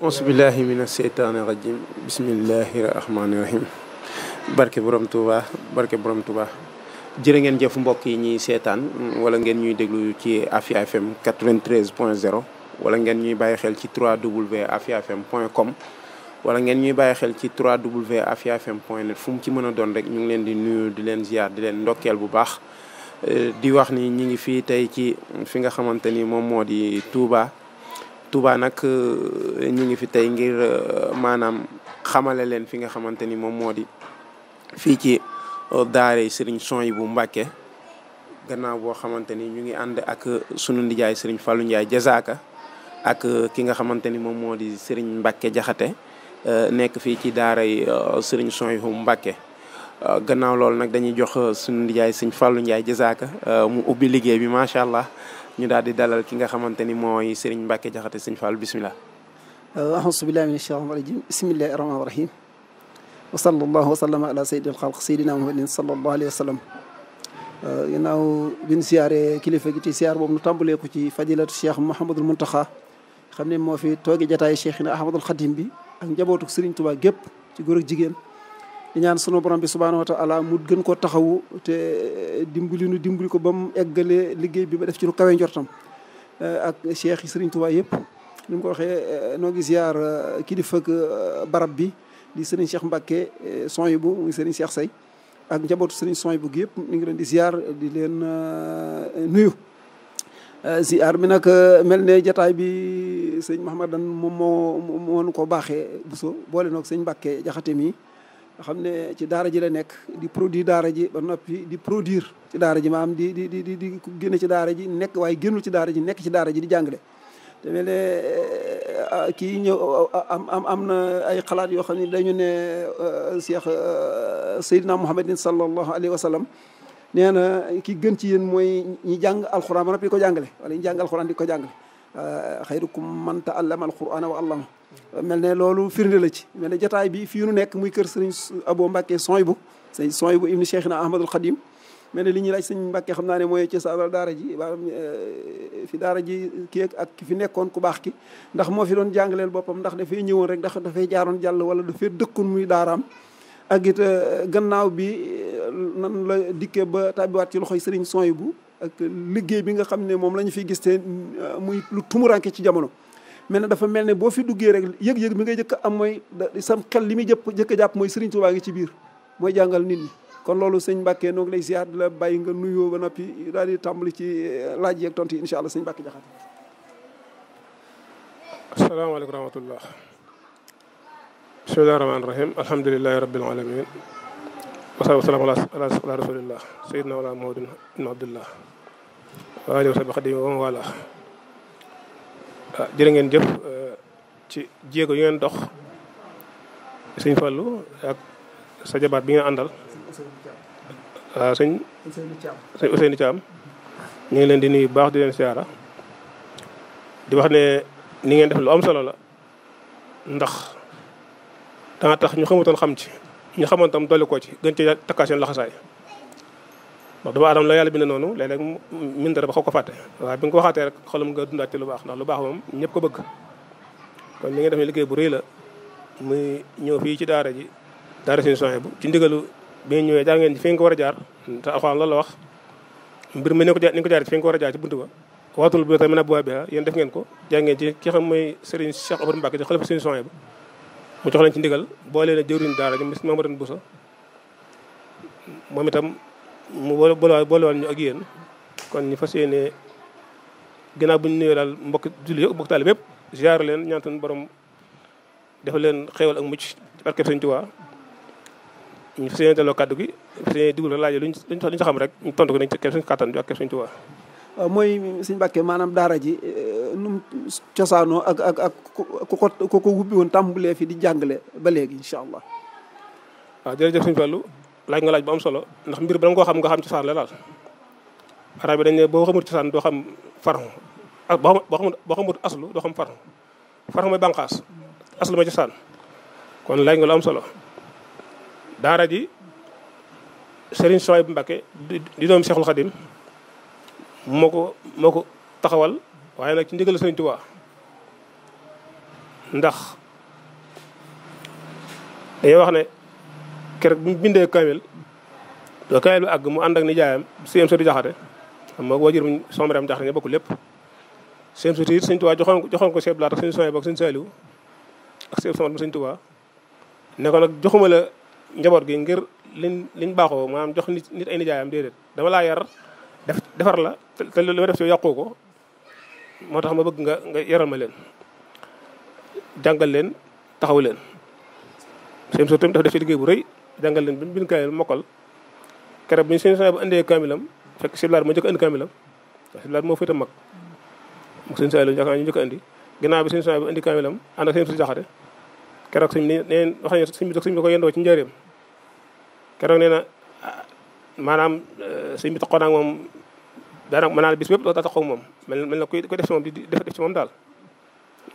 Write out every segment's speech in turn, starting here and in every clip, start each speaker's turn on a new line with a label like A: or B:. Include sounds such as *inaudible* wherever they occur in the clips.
A: ausbillahi min aseytaani rajim bismillahi rahmaani rahim barke borom Touba barke borom Touba jërë ngeen jëf mbokk yi ñuy seetaan wala ngeen ñuy déglu ci Afia FM 93 point 0 wala ngeen ñuy bàyyi xel ci 3w afia fm point com wala ngeen ñuy bàyyi xel ci 3w afia fm point net fu mu ci mën a doon rek ñu ngi leen di nuyu di leen ziar di leen ndokkeel bu baax di wax ni ñi ngi fii tey ci fi nga xamante ni moom moo di Touba Touba nag euh, ñu ngi fi tey ngir euh, maanaam xamale leen fi nga xamante ni moom moo di fii ci euh, daare Serigne bu Mbacké gannaaw boo xamante ni ñu ngi ànd ak sunu ndijaay Serigne Fallou Ndiaye Jazaaka ak ki nga xamante ni moom moo di Serigne Mbacké Jaxate nekk fii ci daaray Serigne Souhaïbou Mbacké gannaaw loolu nag dañuy jox sunu ndijaay Serigne Fallou Ndiaye Jazaaka mu ubbi liggéey bi macha allah. ñu daal di dalal ki nga xamante ni mooy Serigne Mbacke Diakhaté Serigne Fall bisimilah.
B: Euh, ahousu billahi min acheytaan rajim bisimillahi rahmaani rahim wa sallallahu wa sallama ala sayyidi alxalq sayyidina muhammadin sallallahu alayhi euh, kilifa gi ci siyaar boobu nu tàmbalee ko ci fadilatu cheikh Mouhamadul Mountakha xam ne moo fi toogi jataayu cheikh na Ahmadul bi ak njabootu Serigne Touba gépp ci góor jigéen di ñaan sunu borom bi subhaanahu wa taala mu gën ko taxawu te eh, dimbali nu dimbali ko ba mu eggalee liggéey bi ba def ci lu kawe njortam eh, ak cheikh yi sëriñ Tuubaa yëpp ni mu ko waxee eh, noo ngi ziar kilifa ak barab bi di sëriñ Cheikh Mbacké sony bu muy sëriñ Cheikh Say ak njaboot sëriñ sony bu gi yëpp ñu ngi leen di ziar di leen nuyu ziar bi nag mel ne jataay bi sëñ Mahamadan moom moo moonu ko baaxee buso boole noog sëñ Mbacké jaxate mi xam ne ci daara ji la nekk di produit daara ji ba noppi di produire ci daara ji maam di di di di génne ci daara ji nekk waaye génnul ci daara ji nekk ci daara ji di jàngale. te mel ne eh, ah, ñëw am am am na ay xalaat yoo xam ne dañu ne eh, Cheikh eh, Seydina Mouhamadin sallallahu alayhi wa sallam nee na ki gën ci yéen mooy ñi jàng alxuraan ba noppi di ko jàngale wala ñi jàng alxuraan di ko jàng jàngale xayrukum man taallama alxuraana wa allama mel ne loolu firnde la ci mel ne jataay bi fii nu nekk muy kër sëriñ Abo Mbàkke sooy bu sëñ sooy bu ibni Cheikhina Ahmadul Xadim mel ne li ñuy laaj sëñ Mbàkke xam naa ne mooy ci saabal daara ji waa euh, fi daara ji kii ak ki fi nekkoon ku baax ki ndax moo fi doon jàngaleel boppam ndax dafay ñëwoon rek ndax dafay jaaroon jàll wala dafay dëkkoon muy daaraam ak it euh, gannaaw bi euh, nan la dikkee ba tàbbiwaat ci loxoy sëriñ sooy bu ak liggéey bi nga xam ne moom la ñu fiy gis te muy lu tumuranke ci jamono mais nag dafa mel ne boo fi duggee rek yëg-yëg mi ngay jëkk am mooy sam xel li muy jëpp jëkk jàpp mooy Serigne Touba ngi ci biir mooy jàngal nit ñi kon loolu sëñ Mbàkke noo ngi lay ziar di nga nuyoo ba noppi daal di tàmbali ci eh, laaj yeeg tontu yi incha allah sëñ Mbàkke Jaxate
A: asalaamaaleykum rahmatullah bismillahi rahmaani rahim alhamdulilahi rabbil alamin wasalaatu wasalaam Ah, jërë ngeen jëf ah, ci jéego yu dox sëñ Fallou ak sa jabaat bi nga àndal waaw ah, sëñ sëñ Ousseynou Thiam ñu ngi leen di nuyu baax di leen siyaara di wax ne ni ngeen def lu am solo la ndax dana tax ñu xamutoon xam ci ñu xamoon tam dolli ko ci gën ci takkaa seen laxasaay ndax doomu aadama la yàlla bind noonu léeg-léeg min dara ba xaw ko fàtte waaw bi nga ko waxaatee rek xolam nga dundaat ci lu baax ndax lu baax moom ñëpp ko bëgg kon li nga def liggéey bu rëy la muy ñëw fii ci daara ji daara suñu soxee bu ci ndigalu bi ñëwee jaar ngeen fi ko a jaar te alxuraan la wax mbir mi ni ko jaar ni ko jaar fi a jaar ci buntu ba waatul bi tey def ngeen ko jaar ngeen ci ki xam mooy Serigne Cheikh Oumar Mbacke ci xalifa suñu soxee ba mu jox leen ci ndigal boo leen a jëwriñ daara ji Mamadou Bousso moom itam mu boole boolewaat ñu ak yéen kon ñu fas yéene ginnaaw bu ñu nuyoo daal mbokk julli yëpp mbokk taalibe yëpp ziar leen ñaan suñu borom def leen xéewal ak mucc barkeb Sëñ Tuubaa ñu fas yéene delloo kàddu gi fas yéene digul laaj luñ luñ sa xam rek ñu tontu ko dañ ci képp kàttan bi ak képp Sëñ
B: mooy Sëñ Mbàkke maanaam daara ji eh, num cosaanoo ak ak ak ku ko ku ko wubbi woon tàmbalee fi di jàngale ba léegi incha allah waaw
A: jërëjëf Sëñ Fallu laaj nga laaj bu am solo ndax mbir ba nga koo xam nga xam cosaan la daal arab bi dañ ne boo xamul cosaan doo xam farxu boo xamul aslu doo xam farxu farxu mooy aslu mooy cosaan kon laaj nga am solo daara ji Serigne Souhaïbou Mbacké di doom Cheikhul Khadim moo ko moo taxawal waaye nag ci ndigal Serigne Touba ndax dañuy wax ne keroog bi mu bindee kaamil ba àgg mu ànd ak nijaayam sëñ Sodi Jaxate xam nga wajur soxna Rame Jaxate ña bokk lépp. sëñ Sodi it sëñ Tuubaa joxoon ko joxoon ko sëñ Blaat ak sëñ Soye ak sëñ Saliou ak sëñ Soxna nag joxuma la njaboot gi ngir liñ liñ baaxoo maanaam jox nit ay nijaayam déedéet dama laa yar def defar la te li ma def ci yàqu ko moo tax ma bëgg nga nga yaral ma leen jàngal leen taxaw leen seen soo tamit dafa def ci liggéey bu rëy jàngal leen bin bin kaamil mokkal keroog bi sëñ Saliou bu indee kaamilam fekk si moo njëkk a indi kaamilam ndax si moo féete mag mu sëñ Saliou yaakaar ñu njëkk indi ginnaaw bi sëñ Saliou indi kaamilam ànd ak sëñ si jaxate keroog sëñ bi neen wax ko yendoo ci njëriñam keroog nee na maanaam eh, sëñ bi taxoon naa moom daanaka maanaam bis bépp moom mel mel na kuy def si moom di def ci daal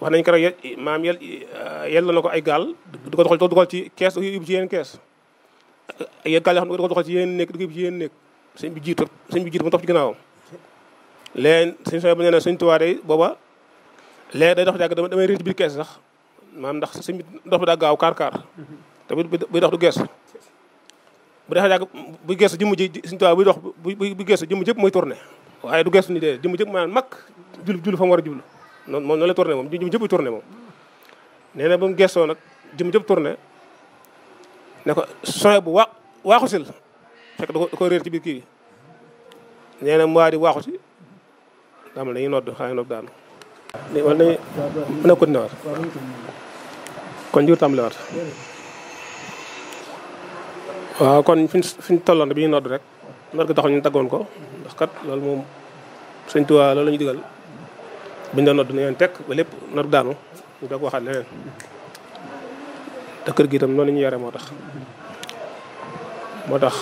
A: wax nañ keroog maam yel eh, yel na ko ay gaal du ko dugal ci kees yóbbu ci yeneen kees Eh, yéen kaa yoo xam ne da ko doxal ci yéen nekk bi jiitu sëñ bi jiitu mu dox bu nee na sëñ booba léegi day dox jàgg damay réer ci biir kees sax ndax sëñ bi dox bi daa gaaw kaar kaar te buy dox du gees bu defee yàgg bu geesu jëmm ji sëñ tuwaa buy bu geesu jëmm jëpp mooy tourné waaye du geesu ni dee jëmm jëpp maanaam mag jul jul fa war a jul noonu moom noonu la tourné moom jëmm jëpp buy tourné moom nee na ba mu geesoo nag jëmm jëpp tourné ne ko sooy bu wa waaxu sil fekk da ko da ko réer ci biir kii bi nee na mu waa di waaxu si dama dañuy nodd xaa ngi nodd daanu wala dañuy mën a continuer waat kon jur tàmbali waat waaw kon fi fi tolloon bi ñu rek nodd gi taxoon ñu taggoon ko ndax kat loolu moom sëñ Tuubaa lool la ñu digal biñ doon nodd na ngeen tekk ba lépp nodd daanu ñu doog waxaat leneen te kër gi itam noonu la ñu yore moo tax moo tax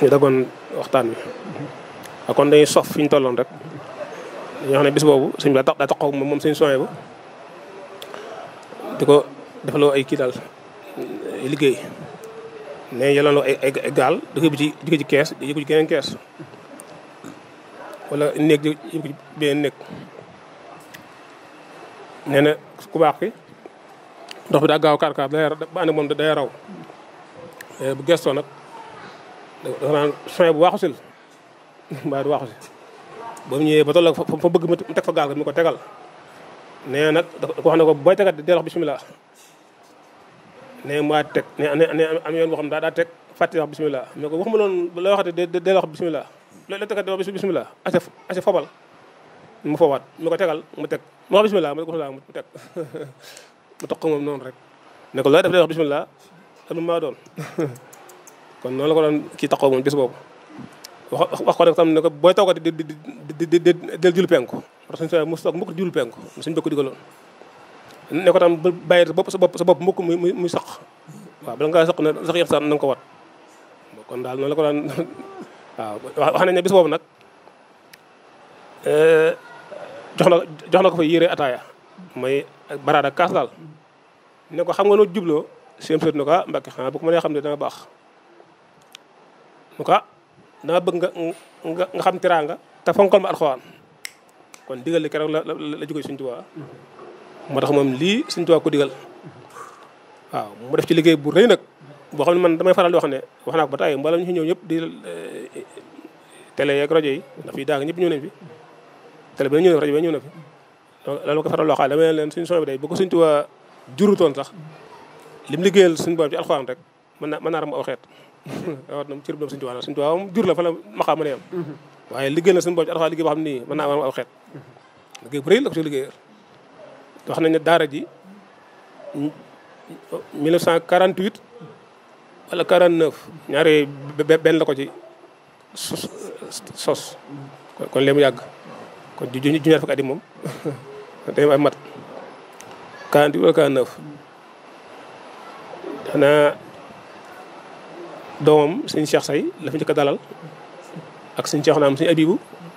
A: ñu dagoon waxtaan wi ak kon dañuy sof fi ñu tolloon rek dañoo xam ne bis boobu suñ la tax daa taxaw moom moom suñu soowee ba di ko defaloo ay kii daal liggéey ne yelanloo ay ay gaal di ko bi ci di ko ci kees di ko ci keneen kees wala néeg di yëpp ci beneen néeg nee na ku baax ki ndox bi daa gaaw kaar kaar day eh, nag dafa bu waaxusil *laughs* mbaa du waaxusi ba mu ñëwee ba bëgg mu teg ko tegal nee nag wax ne ko booy tegat deel wax bisimilah nee mu teg ne am yoon boo xam daa daa teg fàtte wax bisimilah mais ko waxuma loon loo waxate deel wax bisimilah loolu la wax bisimilah ase ase mu fowaat mu ko tegal mu teg mu mu teg *laughs* mu toq moom noonu rek ne ko looy def day wax bisimilah anu maa doon *laughs* kon noonu la ko doon kii taxaw moom bis boobu wax wax ko rek tam ne ko booy toogati di di di mu toog mbokk jul penku suñu bokk digaloon ne ko tam bàyyi sa bopp sa bopp sa bopp mbokk muy muy muy saq waaw bala ngaa saq ne na nga ko wat kon daal noonu ko daan *laughs* waaw wax nañ ne bis eh, jox na jox na ko fa yére ataaya ak baraada kaas daal ne ko xam nga noo jubloo si sët ne ko ah Mbàkke xanaa xam ne dana baax mu ko ah dama nga xam teraanga te fonkol ma alxuraan kon digal la la jóge Sëñ Tuubaa moo tax moom lii Sëñ Tuubaa ko digal waaw mu def ci liggéey bu rëy nag boo xam ne man damay faral di wax ne wax naa ko ba tey mboolem ñu fi ñëw ñëpp di eh, télé yeeg rajo yi ndax fii daanga ñëpp ñëw rajo bi ñëw na fi donc loolu ma ko faral loo xam ne dama leen suñu son bi day bu ko suñ tuba jurutoon sax lim liggéeyal suñu borom ci alxuraan rek mën na mën naa ram aw xeet *laughs* awat nam cër bu suñu tuba suñu tuba moom jur la fa la maxaa mën a yem waaye liggéeyal na suñu xam nii mën naa ram aw xeet liggéey bu rëy la ko ci liggéeyal wax nañ ne daara ji 1948 wala 49 benn la ko ci sos kon lee mu kon ju ñaar fukki at moom *laughs* day ma mat 48 wala 49 xanaa doomam suñu Cheikh Say la fi njëkk dalal ak suñu Cheikh naam suñu Abibu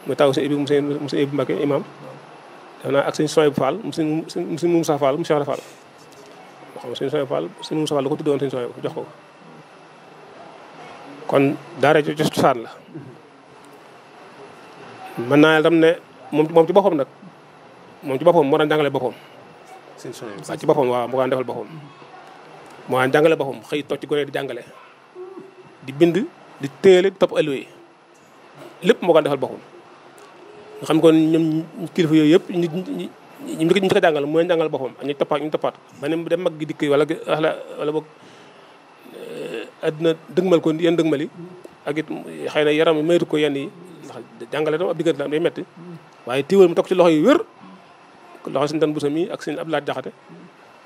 A: mu taw suñu Abibu mu suñu mu suñu Abibu Mbacke imaam xanaa ak suñu Soybu Fall mu suñu mu sa Moussa mu Cheikh Fall xam nga suñu Soybu Fall suñu Moussa Fall la ko tuddoon suñu jox ko kon daara jo cosaan la mën naa tam ne moom moom ci boppam nag moom ci boppam moo daan jàngale boppam waaw ci boppam waaw mu daan defal moo daan jàngale boppam xëy toog ci gone di jàngale bind di téele di topp alluwa lépp moo daan defal boppam nga xam ko ñoom kilifa yooyu yëpp ñu ñu ñu ko jàngal mooy jàngal boppam ñu toppaat ñu toppaat ba ne dem mag gi dikk wala wala wala boog adduna eh, dëgmal ko yenn dëgmal xëy na yaram maytu ko yenn yi ndax jàngale tam ab diggante la day metti waaye téewal mu toog ci loxo yi wér loxo sëñ tan busa mi ak sëñ Abdoulaye Jaxate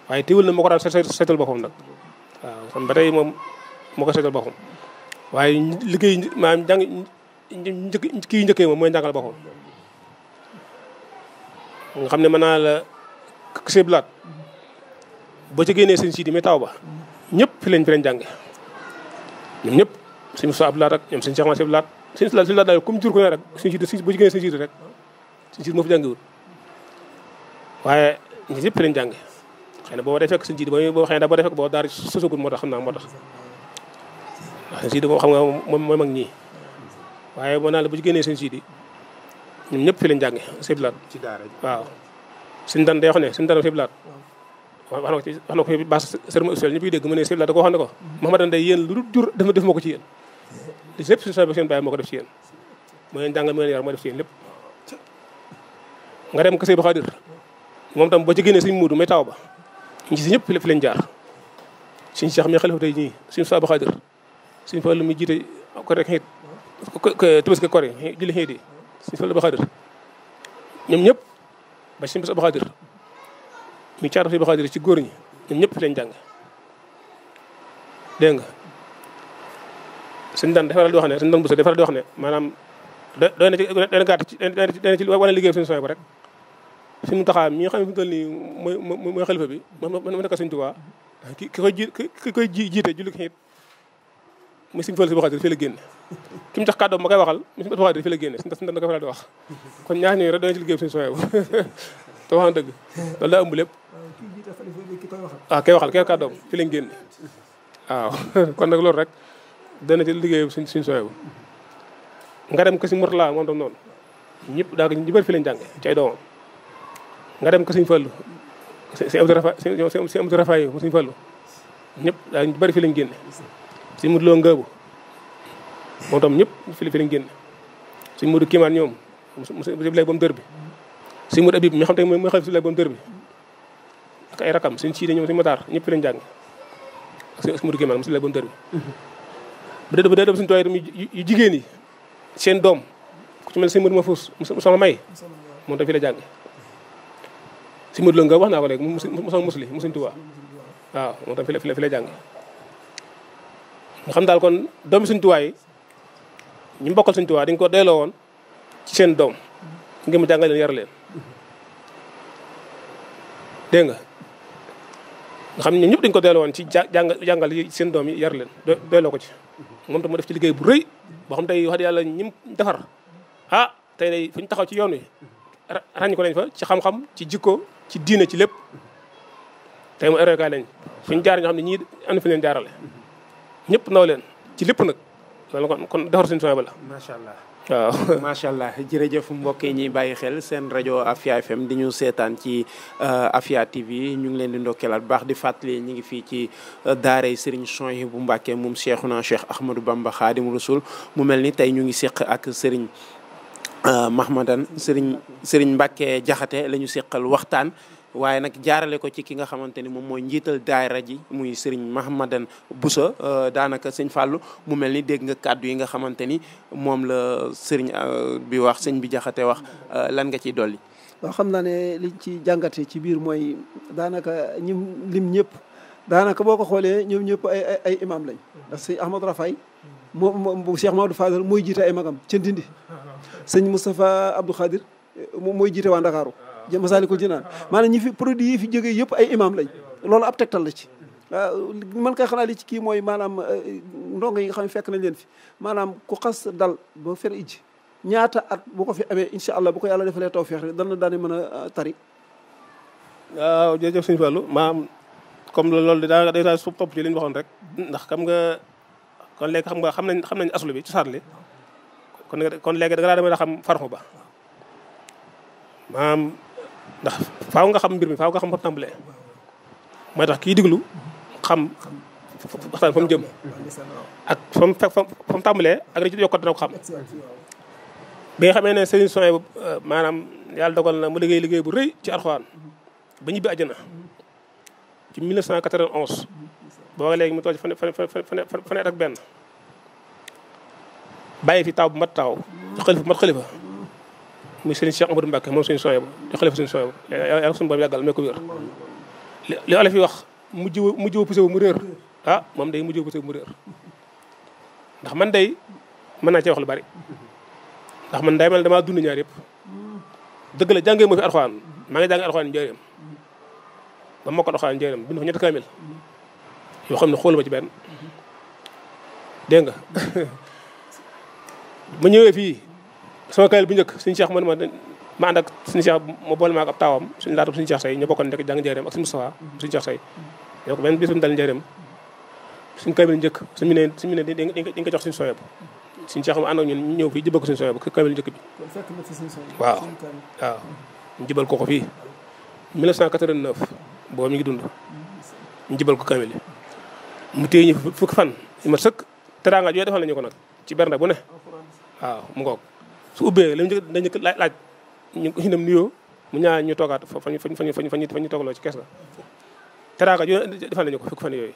A: waaye teewul na moo ko daan seetal boppam nag waaw kon ba tey moom moo ko seetal boppam waaye liggéey maanaam jàng kii njëkkee moom mooy njàngal boppam nga xam ne mën naa la seblaat boo ci génnee sëñ siidi mi taw ba ñëpp fi lañ fi lañ jànge ñoom ñëpp sëñ Moussa Abdoulaye ak ñoom sëñ Cheikh Moussa Abdoulaye sëñ Abdoulaye sëñ Abdoulaye daal comme jur ko ne rek sëñ siidi boo ci génnee sëñ siidi rek sëñ siidi moo fi jàngewul waaye ñi yëpp lañ jànge na booba day fekk suñu jiitu ba boo xëy na boo day fekk boo daal sosagul moo tax xam naa moo tax ndax suñu jiitu xam nga moom mooy mag ñii waaye moo naan la bu ci génnee suñu jiitu ñoom ñëpp fi lañ jànge ci daara waaw suñu dan day wax ne suñu dan siblaat wax na ko ci wax na ko fi bas sermon officiel ñëpp yi dégg mu ne siblaat da ko wax ne ko Mouhamadou day yéen lu dul jur def def ma ko ci yéen li lépp suñu moo ko def ci moo leen jàngal moo leen def ci yéen lépp nga dem ko Seydou Khadir moom tam boo ci génnee suñu muudu may taw ba ñu si ñëpp fi la fi leen jaar suñu seex mi xalifa tey ñii suñu saabu xaadir suñu jiite ko rek xiit tabaski kor yi julli xiit yi suñu fàllu xaadir ñoom ñëpp ba suñu bés ba xaadir mi caatu si xaadir ci góor ñi ñoom ñëpp fi leen jàng dégg nga suñu daan dafa faral ne suñu daan bu dafa faral di wax ne maanaam doy na ci doy na gàtt liggéey suñu sooy ko rek suñu taxaw mi nga xam ne fi mu toll nii mooy mooy xalifa bi man ma nekk Sëñ Tuubaa ki ki koy ji ki koy ji jiite julli ko it mu suñu fël si waxaat fi la génne ki mu tax kàddoom ma koy waxal mu suñu waxaat fi la génne suñu tas na ko faral di wax kon ñaar ñooñu rek dana ci liggéey suñu soxew *laughs* te wax na dëgg loolu daa ëmb lépp
B: waaw ah, kay waxal kay kàddoom fi lañ génne
A: waaw *laughs* kon nag loolu rek dana ci liggéey suñ suñu soxew nga dem ko si Mourtala moom tam noonu ñëpp daa ko ñu bëri fi lañ jànge ci ay doomam nga dem ko suñu fàllu si Abdou Rafa mu suñu fàllu ñëpp daal ñu bëri fi lañ génne suñ Modou Lo Ngaabu moom tam ñëpp fi fi lañ génne suñ Modou Kimaan ñoom monsieur Abdoulaye Bom bi suñ Modou Abib mi xam te mooy mooy xalif Abdoulaye Bom dër bi ak ay rakam suñ siide ñoom suñ Matar ñëpp fi lañ jàng ak suñ Modou Kimaan monsieur Abdoulaye Bom dër
C: bi mm-hmm.
A: bu dee bu dee dem suñu yu jigéen yi seen doom ku ci mel ne suñ Modou Mafous soxna May moom tam fi la jàng si Modou Lo nga wax na ko léegi mu mosoon mosuli mu Sëñ Tuubaa waaw moo tax fi la fi xam daal kon doomi Sëñ Tuubaa yi ñu mbokkal Sëñ Tuubaa dañ ko delloo woon ci seen doom ngir mu yar leen dégg nga nga xam ñëpp dañu ko delloo woon ci jàngal jàngal seen doom yi yar leen doyloo ko ci moom tam mu def ci liggéey bu rëy boo xam tey wax yàlla ñim defar ah tey day fu taxaw ci yoon wi ràññ ko nañ fa ci xam-xam ci jikko ci diine ci lépp tey mu royukaay lañ fu ñu jaar ñoo xam ne ñii am fi leen jaarale ñëpp naw leen ci lépp nag loolu kon kon defar suñu ba allah *laughs* macha allah jërëjëf mbokk yi ñuy bàyyi xel seen rajo Afia FM seetaan ci euh, Afia TV ñu ngi leen di ndokkeelaat bu baax di fàttali ñu ngi fii ci euh, daaray Serigne Souhaïbou bu Mbàkke moom Cheikhuna Cheikh Ahmadou Bamba Khadim Rasoul mu mel ni tey ñu ngi seq ak Serigne Euh, mahmadan sëriñ sëriñ Mbàkke jaxate la ñu seqal waxtaan waaye nag jaarale ko ci ki nga xamante ni moom mooy njiital daara ji muy sëriñ mahmadan busa euh, daanaka sëñ fàllu mu mel ni dégg nga kàddu yi nga xamante ni moom la sëriñ euh, bi wax sëñ bi jaxate wax lan nga ciy dolli
B: waaw xam naa ne liñ ci jàngate ci biir mooy daanaka ñi lim ñëpp daanaka boo ko xoolee ñoom ñëpp ay ay imaam lañ Ahmadou Rafaay mooy jiite ay magam ca Ndindi sëñ Moustapha Abdou Khadir mooy jiite waa Ndakaaru Masaalikul Jinaan maanaam ñi fi produit yi fi jógee yëpp ay imam lañ loolu ab tegtal la ci man kay xanaa li ci kii mooy maanaam euh, ndongo yi nga xam ne fekk nañ leen fi maanaam ku xas dal boo fer ijji ñaata at bu ko fi amee incha allah bu ko yàlla defalee tawfeex rek dal na daane mën a euh, tari
A: waaw jërëjëf sëñ Fallou maam comme loolu daa day daa su topp ci li waxoon rek ndax xam nga kon xam nga xam nañ xam nañ aslu bi cosaan kon kon léegi da nga daa mën a xam far ba maam nga xam mbir mi faaw nga xam fa tàmbalee mooy tax kii diglu xam waxtaan fa mu jëm ak fa mu fa mu tàmbalee ak li ci yokkat dana ko xam bi nga xamee ne Serigne Souhaïbou maanaam yàlla dogal na mu liggéey liggéey bu rëy ci Alxuraan ba ñibbi àjjana ci 1991 boo léegi mu toog ci fan fan fan fan benn bàyyi fi taw bu mat taw di mm. xalifa bu mat xalifa muy sëriñ Cheikh Amadou Mbacke moom suñu sooyee ba di xalifa suñu sooyee ba yàlla suñu boobu yàggal may ko wér li olof wax mujj mujj wu puso mu réer ah, moom day mujj wu puso mu réer ndax man day mën naa cee lu bari ndax man day mel damaa dund ñaar yëpp dëgg la jàngee moo fi arxaan maa ngi jàngee arxaan njëriñam ba bind fa ñetti kaamil yoo xam ne xoolu ma ci benn dégg nga *laughs* ma ñëwee fii sama kayil bu njëkk suñu Cheikh man ma ma ànd ak suñu Cheikh ma boole ma ak ab taawam suñu laata suñu Cheikh say ñu bokk nekk jàng njëriñam ak suñu Moustapha suñu Cheikh njëkk suñu ne suñu ne di nga jox suñu sooyob suñu Cheikh ma ànd ak ñun ñëw fii jëbal ko suñu sooyob kayil njëkk bi waaw waaw ñu jëbal ko ko fii 1989 boobu mi ngi dund ñu jëbal ko kayil mu téye ñu fukki fan ma sëkk teraanga jooy defal nañu ko nag ci bernde bu ne waaw mu ngoog su ubbee li mu njëkk dañu laaj laaj ñu ñu dem nuyoo mu ñaar ñu toogaat fa fa ñu fa ñu fa ñu toogaloo ci kees ga. teraanga ju defal nañu ko fukki fan yooyu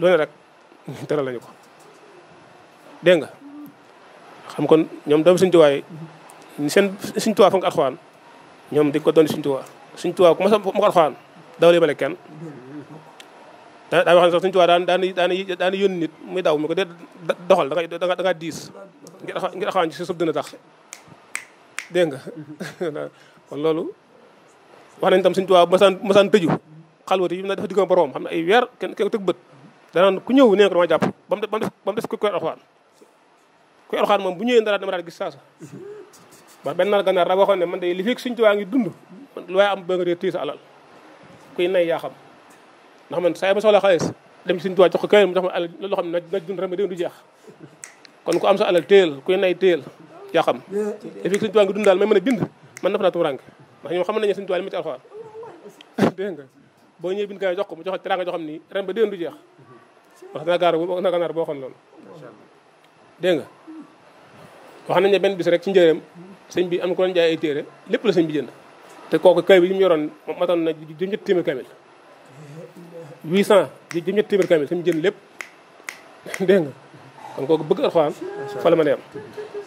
A: loolu rek *laughs* teral nañu ko dégg nga xam kon ñoom doom suñu tuwaay yi seen suñu tuwaay fa nga alxuraan ñoom di ko doon suñu tuwaay suñu tuwaay ku ma mu ko alxuraan daw li bale kenn daa wax ne sax daan daan daan daan yónni nit muy daw mu ko dee doxal da nga da nga diis ngir xa ngir xawaan ci suuf dina tax dégg nga *laughs* kon loolu wax nañ tam suñ tubaab masaan tëju xalwati yi na dafa diggoon boroom xam ne ay weer kenn kenn ko tëg bët danaan ku ñëw nee ko dama jàpp ba mu bu ñëwee dara gis saasa ba benn naar gànnaar daa waxoon ne man de li fekk ngi dund lu am ba nga sa alal kuy nay yaa xam ndax man saa ma soxla xaalis dem ci suñ tubaab jox ko keneen mu jox ma alal loolu xam ne na dund rek ma déwén du jeex kon ko am sa alal téyel ku nay téyel yaa xam dafi suñu tuwaa ngi dund daal may mën a bind man nafa naa tumurank ndax ñoom xam nañu suñu tuwaa li mu ci alxuraan *laughs* dégg nga boo ñëwee bind jox ko mu jox teranga joo xam ni ba déwén du jeex wax na gaar wax na ganaar boo xam loolu dégg nga wax nañ ne benn bis rek ci njëreem sëñ bi am ko doon jaay ay téere lépp la sëñ bi jënd te kooku kay bi yi mu yoroon moo matoon na jëm ñetti téeméer kamil 800 jëm ñetti téeméer kamil sëñ bi jënd
C: lépp *laughs*
A: kon kooku bëgg alxuraan fa la ma neem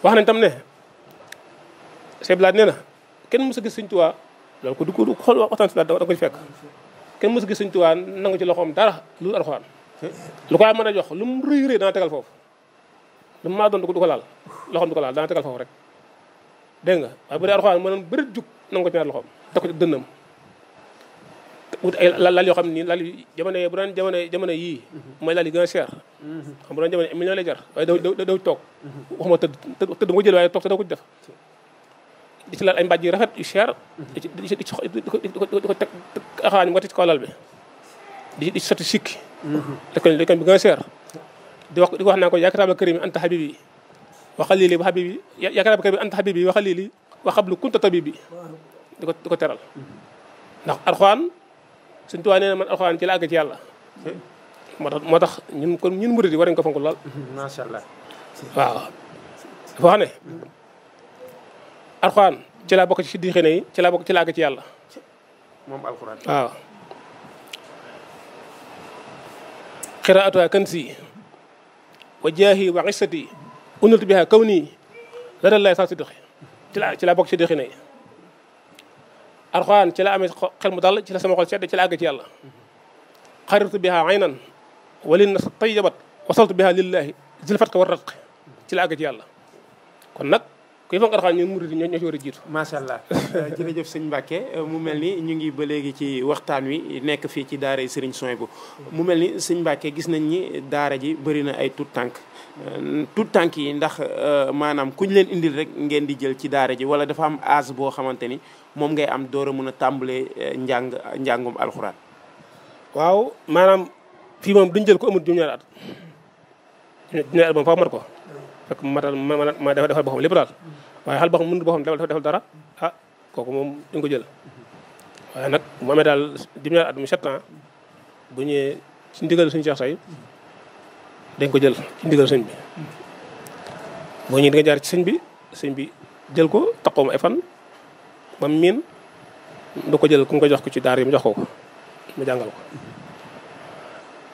A: wax nañ tam ne seblaat nee kenn mësu gis sëñ Tuubaa loolu ko du ko xool wax waxtaan si daal da fekk kenn mësu gis sëñ Tuubaa nangu ci loxoom dara lu alxuraan lu koy mën a jox lu mu rëy rëy dana tegal foofu lu maa doon du ko loxoom du tegal foofu rek dégg nga waaye bu dee alxuraan mën bëri nangu ko loxoom da dënnam wut ay lal yoo xam ni lal jamono bu doon jamono jamono yii mooy lal yi gën a cher xam bu doon jamono million lay jar waaye daw daw toog waxuma tëdd tëdd nga jël waaye toog te daw ko ci def di ci lal ay mbàjj yu rafet yu cher di ci di ci di di di ci sotti sikki bi gën a di wax di wax naa ko yaakaar kër yi anta habibi wa xalili wa habibi yaakaar kër yi anta habibi wa wa xablu tabibi di ko di ko teral ndax arxaan suñu tubaab nee man alxuraan ci la àgg ci yàlla moo tax moo tax ñun kon ñun murid yi war nañu ko fonk lool waaw dafa xam ne alxuraan ci laa bokk ci di xëne yi ci laa bokk ci la yàlla moom alxuraan waaw xiraatuha kansi wa jaahi wa xissati unut biha kaw nii la dal laay saa si doxi laa ci laa ci di yi alxuraan ci la amee xel mu dal ci la sama xol sedd ci la àgg ci yàlla xaritu biha aynan walin nas tayyibat wasaltu biha lillahi zilfat ko war ratq ci la àgg ci kon nag kuy fonk alxuraan war a jiitu macha allah *laughs* jërëjëf sëñ Mbàkke mu mel ni ñu ngi ba léegi ci waxtaan wi nekk fii ci daara yi sëriñ Soy bu mu mel ni sëñ Mbàkke gis nañ ni daara ji bëri na ay tuut tànk tout tànk yi ndax euh, maanaam kuñ leen indil rek ngeen di jël ci daara ji wala dafa am ase boo xamante ni moom ngay am door a mën a tàmbalee eh, njàng njàngum alxuraan. waaw maanaam fii moom duñ jël ko amul juróom-ñaari at juróom-ñaari at mat ko. fekk matal ma ma dafa defal boppam lépp daal waaye xal boppam mënut boppam dafa defal dara ah kooku moom duñ ko jël. waaye nag mu amee daal juróom bu ñëwee ci ndigal suñu Cheikh Say dañ ko jël ci ndigal sëñ bi. boo ñëwee di jaar ci sëñ bi sëñ bi jël ko taxaw ma fan. ba miin du ko jël ku ko jox ko ci daar yi ma jox ko ko mu jàngal ko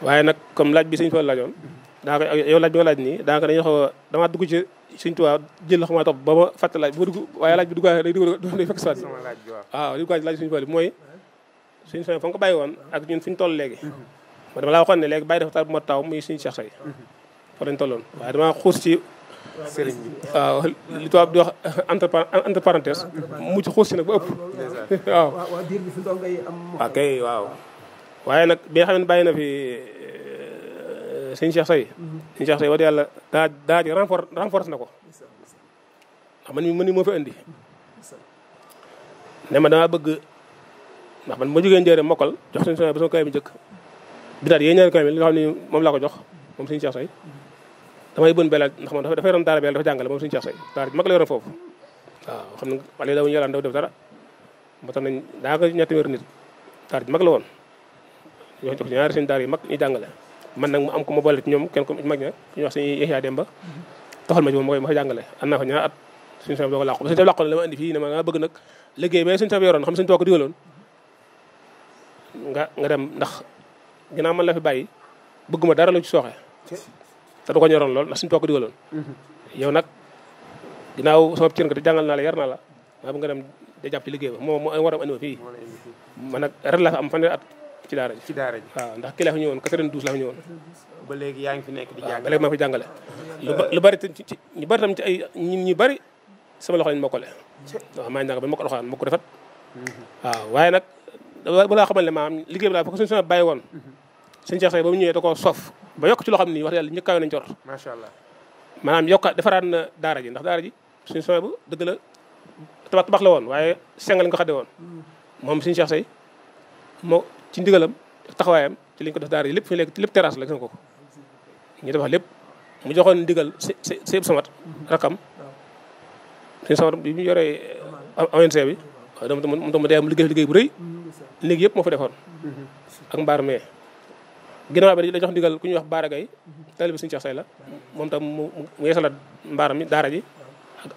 A: waaye nag comme laaj bi sëñ Fallu laajoon daa ko yow laaj bi ma laaj nii daa ko dañuy xaw a dugg ci sëñ Tuubaa jël la xamaa ba ma fàtte laaj bu dugg waaye laaj bi dugg day dugg day fekk si waat waaw dugg laaj mooy sëñ Fallu fa nga ko bàyyi woon ak ñun fi ñu toll léegi mhm. ma dama laa waxoon ne léegi bàyyi dafa taw bu ma taw muy sëñ Cheikh Say mhm. fa lañ tolloon waaye dama xuus ci sëriñ bi waaw li tubaab di wax euh, entre entre parenthèse mu nag ba ëpp waaw waaye nag bi nga xam bàyyi na fi euh, sëñ Cheikh Say mhm. sëñ Cheikh Say wax dëgg yàlla daa daa di na ko ndax moo fi indi ne ma damaa bëgg ndax man ma jógee njëre mokkal jox sëñ Cheikh ba sama kay bi njëkk bi daal yéen ñaari xam ne moom laa jox moom sëñ Cheikh Say damay bën belal ndax man dafa yoroon daara belal dafa jàngale moom suñu ceex say daara mag la yoroon foofu waaw xam na wala yi dawuñu yolaan daw def daa ko ñetti wér nit daara ji mag la woon ñoo jox ñaari seen daara yi mag ñuy man nag mu am ko ma boole ci ñoom kenn ko mag ña ñu wax suñu Yaxya Demba toxal ma ci moom ma koy ma fa jàngale am naa fa ñaar at suñu sa dooko làqu ba suñu la ma indi fii ne ma nga bëgg nag liggéey mais suñu sa yoroon xam suñu toog digaloon nga nga dem ndax ginnaaw man la fi bàyyi bëgguma dara lu ci sooxe te du ko ñoroon lool ndax suñu toog digaloon
C: mm-hmm.
A: yow nag ginnaaw sama cër nga te jàngal naa la yar naa la maa bu nga dem da jàpp ci liggéey ba moo moo waram ma fii man nag ren laa fi am fanweeri at ci daara ji ci daara ndax kii laa fi ñëwoon 92 laa la ñëwoon mm-hmm. ba léegi yaa ngi fi nekk di jàng ba léegi maa ngi jàngale mm-hmm. lu bari ci ñu bari tam ci ay ñun ñu bari sama loxo lañ mokkale waaw maa ngi jàng ba mokk alxuraan mokk defat waaw waaye nag bu laa xamal ne maam liggéey bi laa fo ko suñu sama bàyyi woon sëñ Cheikh Say ba mu ñëwee da koo sof ba yokk ci loo ni wax yàlla ñëpp kawe nañ ci rot macha allah maanaam yokka defaraan na daara ji ndax daara ji suñu sooy bu dëgg la tabax tabax la woon waaye sengal nga xade woon moom sëñ Cheikh moo ci ndigalam taxawaayam ci liñ ko def daara ji lépp fi léegi lépp terrasse la ko ñu defar lépp mu joxoon ndigal sëñ Samat rakam sëñ Samat bi mu yoree ONC eh, bi waaw dama dama dama day am liggéey liggéey bu rëy léegi mm-hmm. yëpp moo fa defoon
C: mm-hmm.
A: ak mbaar mee ginnaaw bi dañ jox ndigal ku ñuy wax Baara Gaye taalibe Sëriñ Cheikh Say la moom tam mu mu yeesalaat mbaaram mi daara ji ak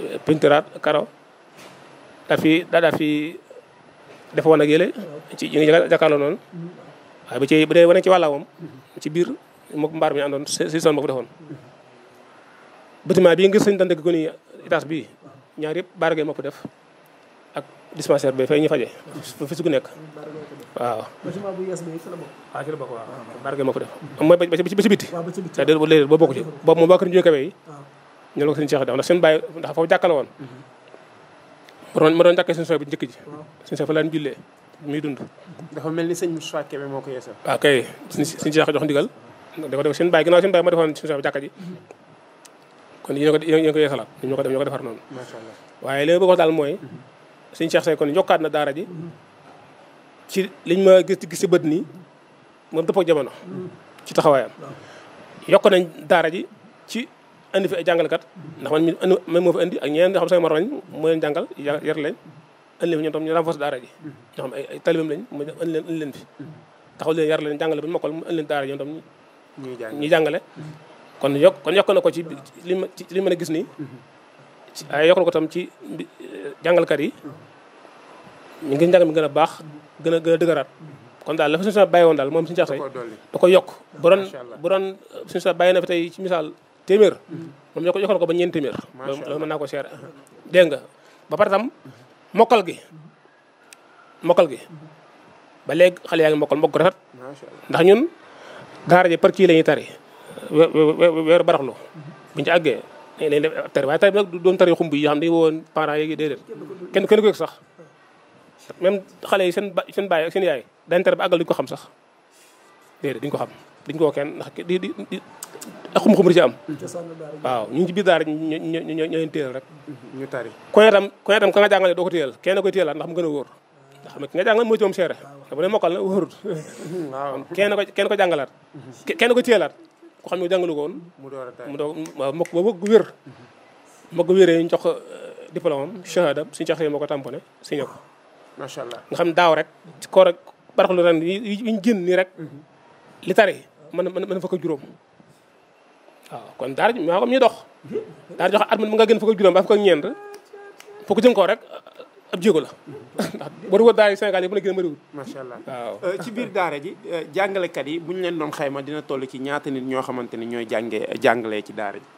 A: euh, pinturaat karo daa fi def woon ak ci yi nga waaye bu ci biir mook mbaar mi àndoon si son moo ko defoon bâtiment bii ngir sëñ daan dëkk ko nii étage bii ñaar yëpp Baara Gaye moo def dispensaire bi fay ñu faje fi su ku nekk waaw waaw ci la bokk waaw ah, barke moo ko mooy ba ci biti c'est-à-dire boo bokk ci boobu moom waa kër ñu ah. ñoo la ko seen seex def ndax seen bàyyi ndax foofu jàkka woon ma doon jàkkee suñu sooy njëkk ji ah. suñu sooy fa laan jullee muy dund dafa mel ni sëñ Moussa Kébé moo ko yeesal waaw kay suñu seex jox ndigal dafa seen bàyyi ginnaaw seen bàyyi ma ji mhm. kon yéen ko yéen ko yeesalaat ñu ko def ñoo ko defar noonu waaye li ma bëgg wax daal mooy mhm. suñu Cheikh Seye kon yokkaat na daara ji ci liñ ma gis gis si bët nii moom dëppoo jamono ci taxawaayam yokk nañ daara ji ci indi fi ay jàngalekat ndax man mi man moo fi indi ak ñeneen ñoo xam say leen jàngal leen fi ñoom tam ñu renforcer daara ji ñoo xam ay talibam lañ mu leen indi leen taxaw leen yar leen jàngale ba mokkal mu indi leen ñuy jàngale kon yokk kon yokk na ko ci li ma ci li mën a gis nii waaye yokkal ko tam ci jàngalkat yi ñu ngi njàng mi gën a baax gën a gën a kon daal la fa suñu sa bàyyi woon daal moom suñu sax tey da ko yokk bu doon bu sa bàyyi na fi tey ci misaal téeméer mm-hmm. moom yokk yokkal ko ba ñeent téeméer loolu mën naa ko seere dégg nga ba pare tam mokkal gi mokkal gi ba léegi xale yaa ngi mokkal mokk rafet ndax ñun daara ji par kii la ñuy tari weeru baraxlu mm-hmm. buñu ci dañ leen def tari waaye du doon tari xumb yi xam ne woon kenn kenn ko yëg sax même xale yi seen ba seen baay seen yaay dañ tari ba àggal duñ ko xam sax déedéet duñ ko xam duñ ko kenn ndax di di di ak xum-xum ci am waaw ñu ngi ci biir daara ñu ñu leen téyel rek ñu tari ku ne tam ku ne tam ka nga jàngale doo ko téyel kenn koy teelal ndax mu gën a xam nga ki nga jàngal moo ci moom seere bu ne *laughs* kenn ko kenn ko jàngalaat kenn ko téyelaat ku xam ne jàngalu ko woon. mu door a taay mu doog waaw mbokk ba bëgg wér. Mhm. Euh, diplôme am shahadam ah, nga xam daaw rek ci koor ak baraxlu ren yi ñu génn nii rek. Mhm. li tari mën na mën na fa ko juróom. waaw kon daara maa ko ñuy dox. Mhm. daara jox at mu nga gën fa ko juróom ba fa ko ñeent. foo ko rek ab jéego la ndax waru war daara Sénégal yi mën a gën a euh, ci biir daara ji euh, jàngalekat yi bu ñu leen doon xayma dina toll ci ñaata nit ñoo xamante ni ñooy jàngee jàngalee ci daara ji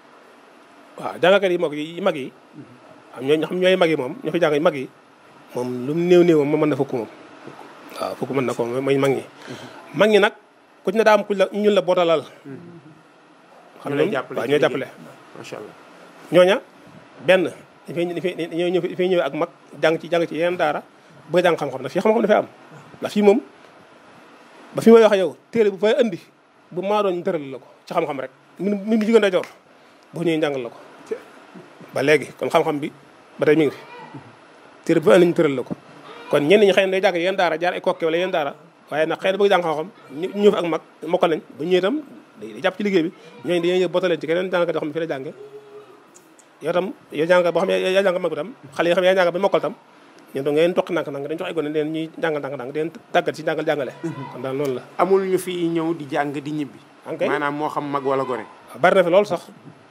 A: waaw jàngalekat yi mag yi mag yi ñoo xam ñooy mag yi moom ñoo fi jàng mag yi moom lu mu néew néew moom mën na fukk moom waaw fukk mën na ko mooy mag ñi mag ñi nag ku ci ne daa am ku la ñun la bootalal mm-hmm.
C: xam ne waaw
A: macha allah ñooña dafay dafay dafay ñëw ak mag jàng ci jàng ci yeneen daara bëgg jàng xam-xam ndax fii xam-xam dafay am ndax fii moom ba fi may wax yow téere bu fay andi bu maa doon tëral la ko ci xam-xam rek min min bi jigéen da jor boo ñëwee njàngal la ko ba léegi kon xam-xam bi ba tey mi ngi fi téere bu fay andi ñu tëral la ko kon ñenn ñi xëy na day jàng yeneen daara jaar ay kokke wala yeneen daara waaye nag xëy na bëgg jàng xam-xam ñëw fi ak mag mokkal nañ ba ñëwee itam day jàpp ci liggéey bi ñooñu dañuy botaleen ci keneen daanaka yoo xam ne fi la jànge yow tam yow jàng boo xam ne yaa jàng mag bi tam xale yoo xam ne yaa jàng ba mokkal tam ñun donc ngeen toq dañ jox ay gone leen ñuy jàngal ndànk ndànk leen tàggat ci jàngale kon daal noonu la amul ñu fi ñëw di jàng di ñibbi maanaam moo xam mag wala gone ah, bari na lool sax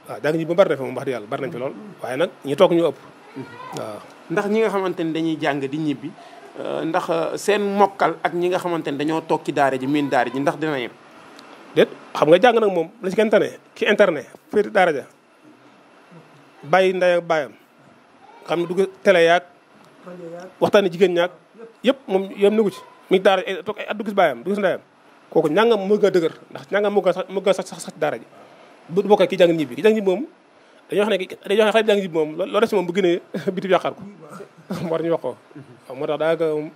A: waaw ah, jàng ñibbi bari na fi moom wax dëgg lool waaye nag ñu toog ñu ëpp mhm. ah. ndax ñi nga xamante ni dañuy jàng di ñibbi euh, ndax euh, seen mokkal ak ñi nga xamante ni dañoo toog ci daara ji miin daara ji ndax dina yem déet xam nga jàng nag moom la ci kenn tane ki internet féete daara ja bàyyi ndey ak baayam xam ne dugg télé yaag waxtaane jigéen ñaag yëpp moom yem na ko ci mi ngi daara toog ay du gis baayam du kooku ñàngam moo a dëgër ndax ñàngam moo gën a moo gën a sax sax daara ji bu bokkee ki jàng ñibbi ki jàng ñibbi moom dañoo xam ne dañoo xam ne xale ñibbi moom loolu des moom bu *laughs* gënee bitib yàqaar ko *laughs* moo tax ñu wax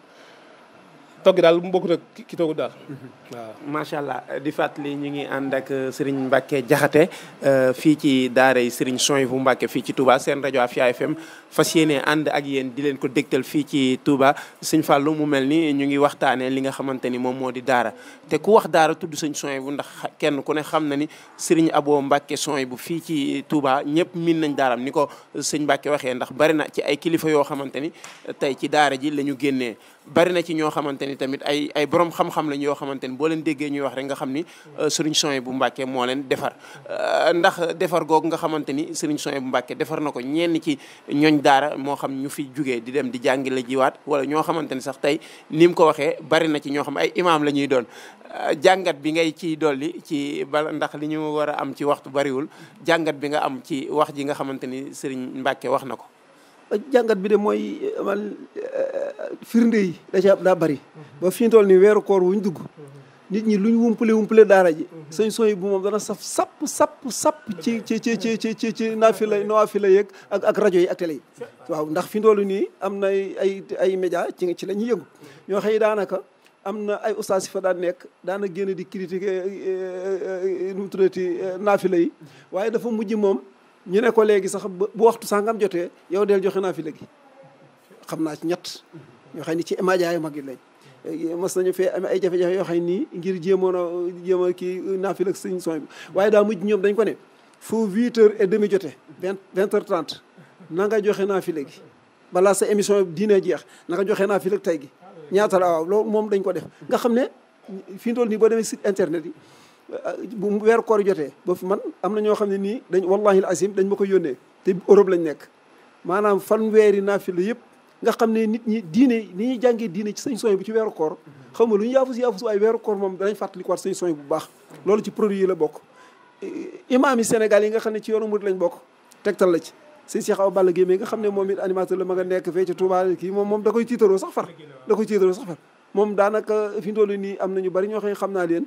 A: togg daal mu bokkut ak ki togg daal waaw mhm. macha allah di fàttali ñu ngi ànd ak Serigne Mbacke Jaxate euh, fii ci daara yi Serigne Souhaïbou Mbacke fii ci Touba seen rajo FM fas yéene ànd ak yéen di leen ko dégtal fii ci Touba Serigne Fallou mu mel ni ñu ngi waxtaanee li nga xamante ni moom moo di daara te ku wax daara tudd Serigne Souhaïbou ndax kenn ku ne xam na ni Serigne Abo Mbacke Souhaïbou fii ci Touba ñëpp miin nañ daaram ni ko Serigne Mbacke waxee ndax bari na ci ay kilifa yoo xamante ni tey ci daara ji la ñu génnee bari na ci ñoo xamante ni tamit ay ay borom xam-xam lañ yoo xamante ni boo leen déggee ñuy wax rek nga xam ni euh, sëriñ Sohaybu bu Mbàkke moo leen defar euh, ndax defar googu nga xamante ni sëriñ Sohaybu bu Mbàkke defar na ko ñenn ci ñooñ daara moo xam ñu fi jugee di dem di jàngi la jiwaat wala ñoo xamante ni sax tey ni mu ko waxee bari na ci ñoo xam ay imaam la ñuy doon euh, jàngat bi ngay ciy dolli ci bala ndax li ñu war a am ci waxtu bariwul jàngat bi nga am ci wax ji nga xamante ni sëriñ Mbàkke wax na ko
B: a jàngat bi de mooy eh, man eh, firnde yi da cee bari. ba fi ñu toll nii weeru koor wuñ dugg. nit ñi luñ wumpale wumpale daara ji. sëñ sooy bu moom dana saf sap sapp sapp ci ci ci ci ci ci naafila naafila yeeg ak ak rajo yi ak télé yi. waaw ndax fi ñu nii am na ay ay média ci ci la ñuy yëngu ñoo xëy daanaka. am na ay ustaas yi fa daan nekk daana génn di critiquer eh, nu mu tuddati naafila yi waaye dafa mujj moom ñu ne ko léegi sax bu waxtu sangam jotee yow del joxe naa fi léegi xam naa ci ñett ñoo xam ni ci média yu mag yi lañ mas nañu fee am ay jafe-jafe yoo xam nii ngir jéemoon a jéem a kii naafil ak sëñ son waaye daa mujj ñoom dañ ko ne fu huit heures et demi jotee vingt vingt heures na joxe naa fi léegi balaa sa émission diine jeex na joxe naa fi léegi tey gi ñaata la waaw loolu moom dañ ko def nga xam ne fi mu toll nii boo demee site internet yi bu weeru koor jotee ba fi man am na ñoo xam ne nii dañ wallahi azim dañ ma ko yónnee te Europe lañ nekk maanaam fan fanweeri naafila yëpp nga xam ne nit ñi diine ni ñuy jàngee diine ci sëñ sooy bu ci weeru koor xam nga lu ñu yaafus yaafus waaye weeru koor moom danañ fàttalikuwaat sëñ sooy bu baax loolu ci produit yi la bokk imaam yi Sénégal yi nga xam ne ci yoonu murid lañ bokk tegtal la ci sëñ Cheikh Awa Balla Guèye moom it animateur la ma nga nekk fee ci Touba kii moom moom da koy tiitaroo sax far da koy tiitaroo fi mu nii am nañu bari ñoo xam ne xam naa leen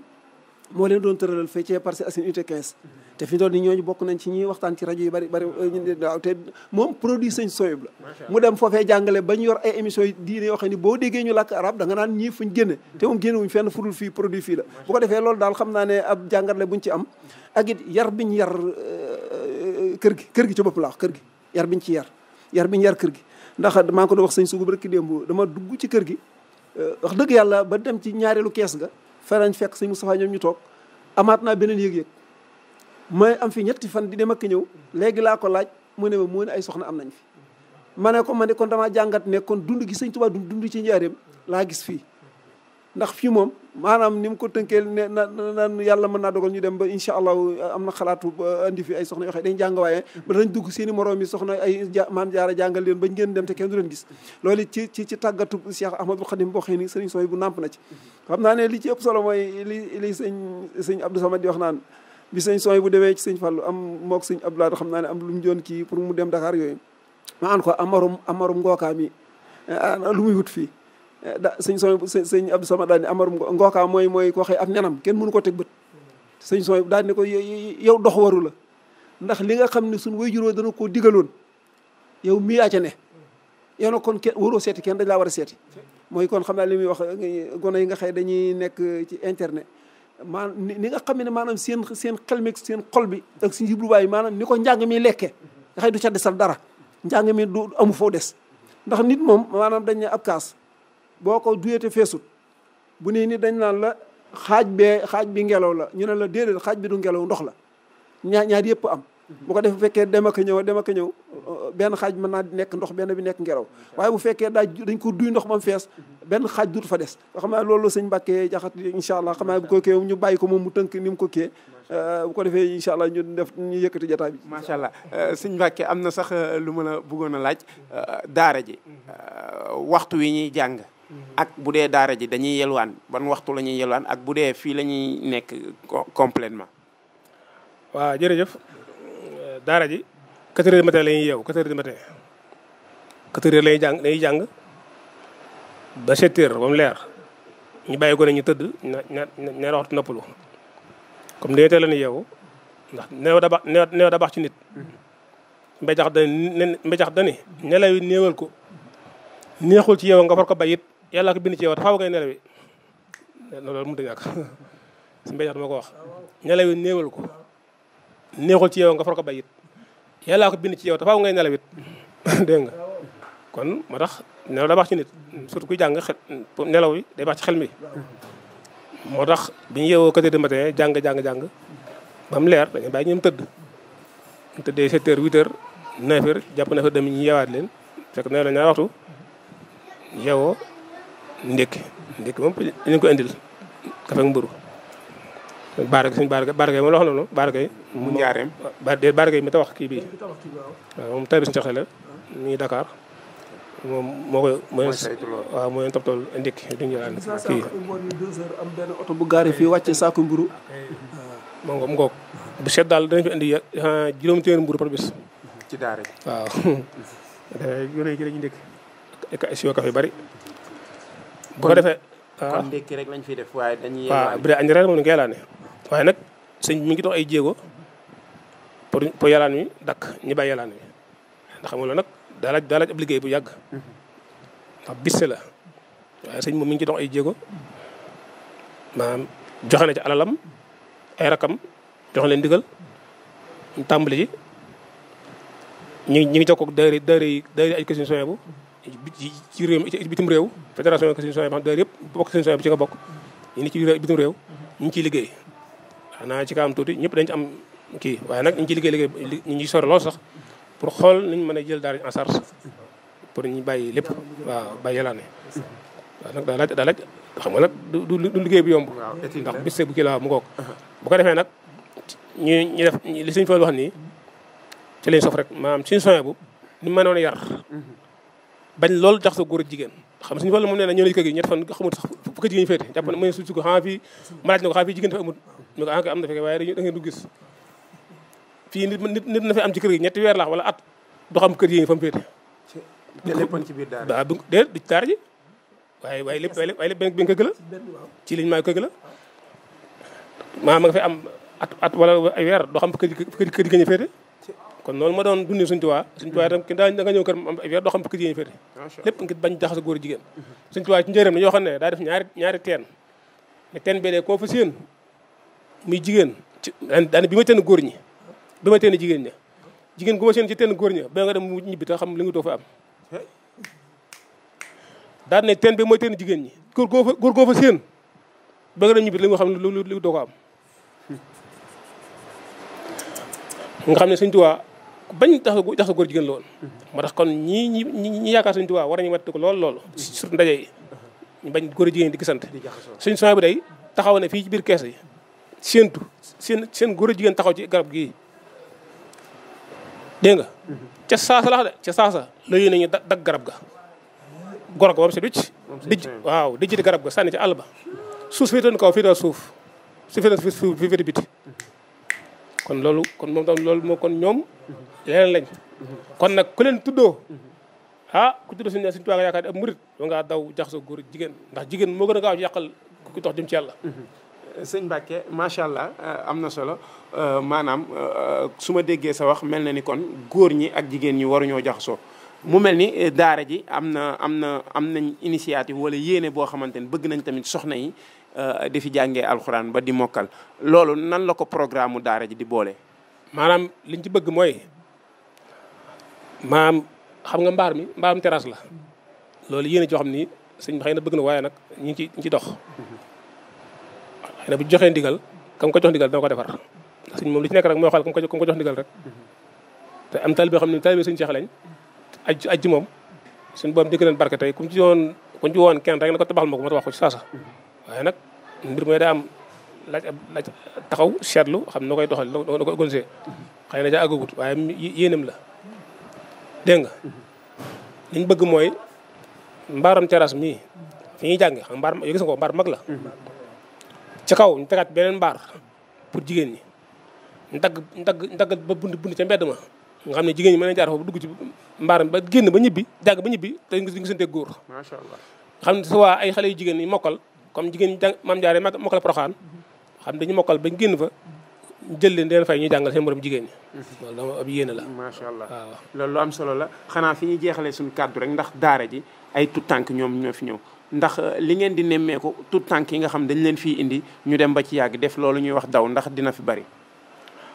B: moo leen doon tëralal fee cee Parcelles Assainies unité 15 te fi ñu toll nii ñooñu bokk nañ ci ñuy waxtaan ci rajo yu bari bari moom produit sëñ Soyib la mu dem foofee jàngale ba ñu yor ay émissions yi diine yoo xam ne boo déggee ñu làkk arab da nga naan ñii fuñ génne te moom génne wuñ fenn fudul fii produit fii la boo ko defee loolu daal xam naa ne ab jàngat la buñ ci am ak it yar biñ yar euh, euh, kër gi kër gi ci bopp laax wax kër gi yar biñ ci yar yar biñ yar kër gi ndax maa ngi ko doon wax sëñ sugub rek démb dama dugg ci kër gi euh, wax dëgg yàlla ba dem ci ñaareelu kees ga fan farañ fekk sëñ Moustapha ñoom ñu toog amaat naa beneen yëg-yëg may am fi ñetti fan di dem ak ñëw léegi laa ko laaj mu ne ma mu ne ay soxna am nañ fi ma ne ko ma ne kon damaa jàngat ne kon dund gi sëñ Tuubaa dund dund ci njaareem laa gis fii ndax fii moom maanaam ni mu ko tënkee ne na naan yàlla mën naa dogal ñu dem ba incha allahu uh, am na xalaatu uh, andi fi ay soxna yoo xam ne dañ jàng waaye ba dañ dugg seen i moroom yi soxna ay maam jaara jàngal leen bañ ngeen dem te kenn du leen gis loolu ci ci ci tàggatu Cheikh Ahmadul Xadim boo xëy ni sëriñ sooy bu nàmp na xam naa ne li ci solo mooy li li sëñ sëñ Abdou Samad di wax naan bi sëñ sooy bu demee ci sëñ Fallu am mook sëñ Abdoulaye xam naa ne am lu mu doon kii pour mu dem Dakar yooyu ma an ko amarum amarum ngookaa mi uh, lu muy wut fii da sëñ sooy sëñ Abdou Samad daal ne Amar Ngookaa mooy mooy koo xëy ab nenam kenn mënu ko teg bët sëñ sooy daal ne ko yow dox waru la ndax li nga xam ne suñ way juróo dana koo digaloon yow mii yaa ca ne yow kon kenn waroo seeti kenn dañ war a seeti mooy kon xam naa li muy wax gone yi nga xëy dañuy nekk ci internet maanaam ni nga xam ne maanaam seen seen xel mi seen xol bi ak suñu jubluwaay maanaam ni ko njàng mi lekkee nga xëy du ca desal dara njàng mi du amu foo des ndax nit moom maanaam dañ ne ab kaas boo ko te feesut bu nii ni dañ naan la xaaj be xaaj bi ngelaw la ñu ne la déedéet xaaj bi du ngelaw ndox la ñaar ñaar yëpp am bu ko defee fekkee dem ak ñëw dem ak ñëw benn xaaj mën naa nekk ndox benn bi nekk ngelaw waaye bu fekkee daaj dañ ko duy ndox mam fees benn xaaj dut fa des xam naa loolu sëñ Mbàkke jaxat incha allah xam naa ñu bàyyi ko moom mu tënk ni ko kee euh, ko defee incha allah ñu def ñu yëkkati jotaay bi
A: macha allah euh, sëñ Mbàkke am na sax euh, lu ma la bëggoon a laaj daara ji mm-hmm. waxtu wi ñuy jàng ak bu dee daara ji dañuy yelwaan ban waxtu la ñuy yelwaan ak bu dee fii lañuy ñuy nekk complètement waaw jërëjëf daara ji 4 heures du la ñuy yeew 4 heures du matin 4 jàng dañuy jàng ba 7 heures leer ñu bàyyi ko ne ñu tëdd na ñaari waxtu noppalu comme dañuy teel la ñuy ndax neew da baax neew ci nit mbéjax dani mbéjax dani nelaw yi néewal ko neexul ci yow nga far ko bay it yàlla bind ci yow dafa aw ngay nelawi loolu mënut ma *laughs* ko wax nelawi néewal ko néexul ci yow nga far ko bayit yàlla ko bind ci yow dafa aw ngay nelawit *laughs* dégg nga kon moo tax nelaw da baax ci nit surtout kuy jàng xel yi day baax ci xel mi moo tax bi ñu yeewoo quatre heures du matin jàng jàng jàng ba mu leer dañuy bàyyi ñoom tëdd ñu tëddee sept heures huit heures jàpp na fa dem ñu leen fekk nelaw la ñaar waxtu yeewoo ndékki ndékki moom dañ ko indil kafe ak mburu baaraka suñu baaraka baaraka yi noonu baaraka yi mu njaareem baaraka yi mi tabax kii bii waaw moom tari suñu soxla la mu ngi Dakar moom moo koy mooy waaw mooy top
B: benn oto bu gaari fii wàcce saako
A: mburu moo ngo mu ngoog bu seet daal danañ fi indi ah, juróom téeméer mburu par bis ci waaw da gën a ci bari boo ko defee kon ah. ndékki rek lañ fiy def waaye dañuy. waaw bu moom ñu koy yàllaane waaye nag sëñ mi ngi dox ay jéego pour pour yàllaan wi dakk ñu bàyyi yàllaan wi ndax xam nga loolu nag daa daa liggéey bu yàgg mhm. bisse la waaye sëñ moom mi ngi ci dox ay jéego maanaam joxe ci alalam ay rakam joxe leen ndigal ñu tàmbali ji ñu ñu ngi jokkoo ak daayira daayira yi daayira ci réew ci bitim réew fédération Serigne Souhaïbou daayira yëpp bokk Serigne Souhaïbou bi ci nga bokk ñu ni ci ñu ciy liggéey xanaa ci kaam tuuti ñëpp dañ am kii waaye nag ñu ngi ciy liggéey ñu ngi sore lool sax pour xool nañ mën a jël daara en charge pour ñu bàyyi lépp waaw bàyyi yàllaane waaw a daa laaj daa laaj xam nga nag du liggéey bu yomb ndax bés bu kii la mu ngoog bu ko defee nag ñu ñu def li Serigne Fall wax nii ci lañ sof rek maanaam Serigne Souhaïbou ni mënoon a yar mhm. bañ loolu tax sa góor ak jigéen xam suñu wàllu moom nee na ñoo ne kër gi ñett fan xamul sax fu kër gi ñu féete jàpp na mu ne suñ sug xan fii ma laaj na ko xan fii jigéen dafa amul ñu ko ah am na fekkee waaye da ngeen du gis fii nit nit nit na fi am ci kër gi ñetti weer laax wala at do xam kër yi fa mu féete waaw déet du ci daara ji waaye waaye lépp waaye lépp benn këgg la ci liñ maay këgg la maa ma nga fi am at at wala ay weer doo xam kër kër kër yi féete kon noonu ma doon dundee suñ tuwaa suñ tuwaa itam ki daa da nga ñëw kër am weer doo xam ko jigéen féete lépp ngir bañ jaxase góor jigéen mhm. suñ tuwaa ci njëriñ la ñoo xam ne daa def ñaari ñaari teen ne teen bee dee koo fa séen muy jigéen ci daane bi ma teen góor ñi bi ma teen jigéen ña jigéen gu ma séen ci teen góor ña ba nga dem mu ñibbi te xam li nga doo fa am daan ne teen bi mooy teen jigéen ñi góor goo fa góor goo fa séen ba nga dem ñibbi li nga xam ne li doo ko am hmm. nga xam ne suñ tuwaa bañ tax a tax a góor jigéen la moo tax kon ñii ñi ñi yaakaar Sëñ Tuubaa war nañu wattu ko lool lool surtout ndaje yi ñu bañ góor jigéen di gisante suñ suma bi day taxaw na fii ci biir kees yi séentu seen seen góor jigéen taxaw ci garab gii dégg nga mhm. ca saasa lax de ca saasa la yéen nañu dagg garab ga goro ko moom si ducc dijj waaw dijj di garab ga sànni ci àll ba suuf féetoon kaw a suuf su féetoon suuf féete biti mhm. kon loolu kon moom tam loolu moo kon ñoom leneen lañ kon nag ku leen tuddoo ah ku tuddoo suñu suñu tuwaa nga yaakaar ab murit wa ngaa daw jaxasoo góor jigéen ndax jigéen moo gën a gaaw yàqal ku dox ci yàlla mhm. sëñ Mbacke macha allah euh, am na solo euh, maanaam euh, su ma déggee sa wax mel na ni kon góor ñi ak jigéen ñi waruñoo jaxasoo mu mel ni daara ji am na am na am nañ initiative wala yéene boo xamante ne bëgg nañ tamit soxna yi Euh, di fi jàngee alxuraan ba di mokal loolu nan la ko daar daara ji di boole. maanaam liñ ci bëgg mooy maam xam nga mbaar mi mbaarum teras la loolu yéen a joo ni sëñ bi na bëgg na waaye nag ñu ngi ci ñu ci dox. xëy na bu joxee ndigal kam jox ndigal ko defar sëñ moom li ci rek mooy xool kam ko jox ndigal rek te am taalibe xam ne taalibe sëñ Seex lañ aj aj ji moom suñu borom dégg leen barke tey ku ci woon ku woon kenn na ko tabaxal ma ko ma tabax ko ci waaye nag mbir mooy daa am laaj ab laaj taxaw seetlu xam na koy doxal na koy organisé xëy na ca àggagut waaye yéenam la dégg nga li ñu bëgg mooy mbaaram terrasse mii fi ñuy jànge xam mbaar yoo gis nga ko mbaar mag la ci kaw ñu tegaat beneen mbaar pour jigéen ñi ñu dagg ñu dagg ñu dagg ba bund bund ca mbedd ma nga xam ne jigéen ñi mën nañ jaar foofu dugg ci mbaaram ba génn ba ñibbi jàng ba ñibbi te ñu gisante góor macha allah xam ne su waa ay xale yu jigéen yi mokkal comme jigéen ñi jàng maam jaare mag mokkal proxaan xam dañu mokkal ba génn fa jël leen deen fay ñuy jàngal seen borom jigéen ñi loolu yéene la macha allah loolu lu am solo la xanaa fi ñuy jeexalee suñu kàddu rek ndax daara ji ay tout tànk ñoom ñoo fi ñëw ndax euh, li ngeen di nemmeeku tout tànk yi nga xam dañ leen fii indi ñu dem ba ci yàgg def loolu ñuy wax daw ndax dina fi bari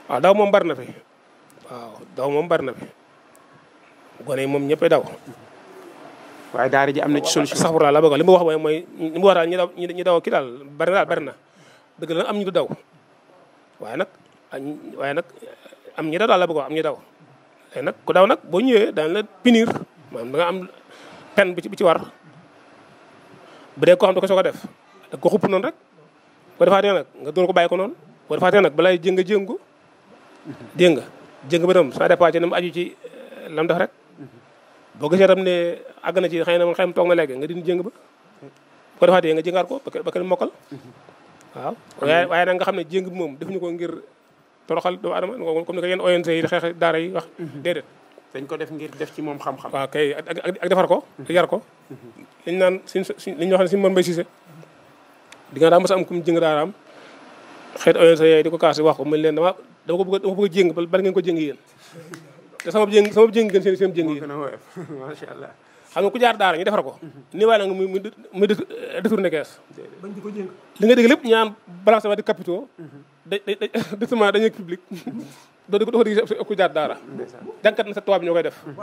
A: waaw daw moom bari na fi waaw daw moom bari na fi gone yi moom ñëppay daw waaye daara ji am na ci solution sax la bëgg li mu wax mooy mooy li mu wax daal ñi daw ñi daw kii daal bari na daal na dëgg la am ñu du waaye nag waaye nag am ñi daw daal la bëgg am ñi daw léegi ku daw nag boo ñëwee daan la piniir maanaam da nga am pen bu ci bu ci war bu dee koo xam da ko soo def ko xupp noonu rek ko defaatee nag nga dóor ko bàyyi ko noonu ko defaatee nag balay jënga jëngu mhm. dégg nga jëng ba dem ça ci ni aju ci eh, lam rek boo gisee tam ne àgg na ci xëy na man xëy na toog na léegi nga dindi jëng ba ko defaatee nga jëngaat ko ba kenn mokkal waaw waaye waaye nag nga xam ne jëng bi moom defuñu ko ngir toroxal doomu adama comme ni ko yenn ONG yi xeex daara yi wax mhm. déedéet dañ ko def ngir def ci moom xam-xam waaw kay defar ko yar ko mhm. liñ naan suñ suñ li ñu wax ne suñu ma mbay siise di nga daa mos a am kum jëng daaraam xeet ONG yooyu di ko kaas wax ko mën leen dama dama ko bëgg dama ko bëgg a jëng bal ngeen ko jëng yéen te sama jëng sama jëng gën seen seen jëng yi *laughs* macha jaar daara ñu defar ko ni euh, ko li nga de capitaux mhm. da directement *laughs* dañuy public mhm. doo di ko doo ko ku jaar daara jànkat na sa tubaab ñoo koy def mhm.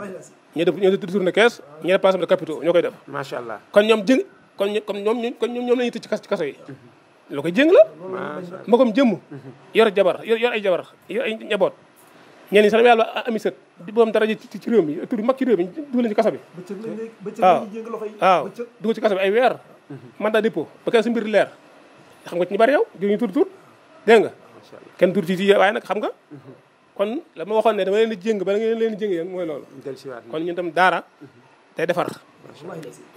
A: ñu def ñu détourné kees koy def macha allah kon ñoom jëng kon comme ñoom kon ñoom ñoom la ñuy tëj ci kas ci kaso yi loo koy jëng la ma kom jëmm yor jabar yor ay jabar yor ay njaboot ñenn ñi sax dama yàlla ami ah, sët di borom dara ci ci réew mi tur mag ci réew mi dugal ci kaso bi waaw waaw dugal ci kaso bi ay weer mhm. mandat dépôt ba kenn su mbir leer xam nga ci ñu bari yow di ñu tur tur dégg nga kenn tur ci ci waaye nag xam nga mhm. kon la ma waxoon ne dama leen di jéng bala ngeen leen di jéng yéen mooy loolu kon ñun tam daara mhm. day defar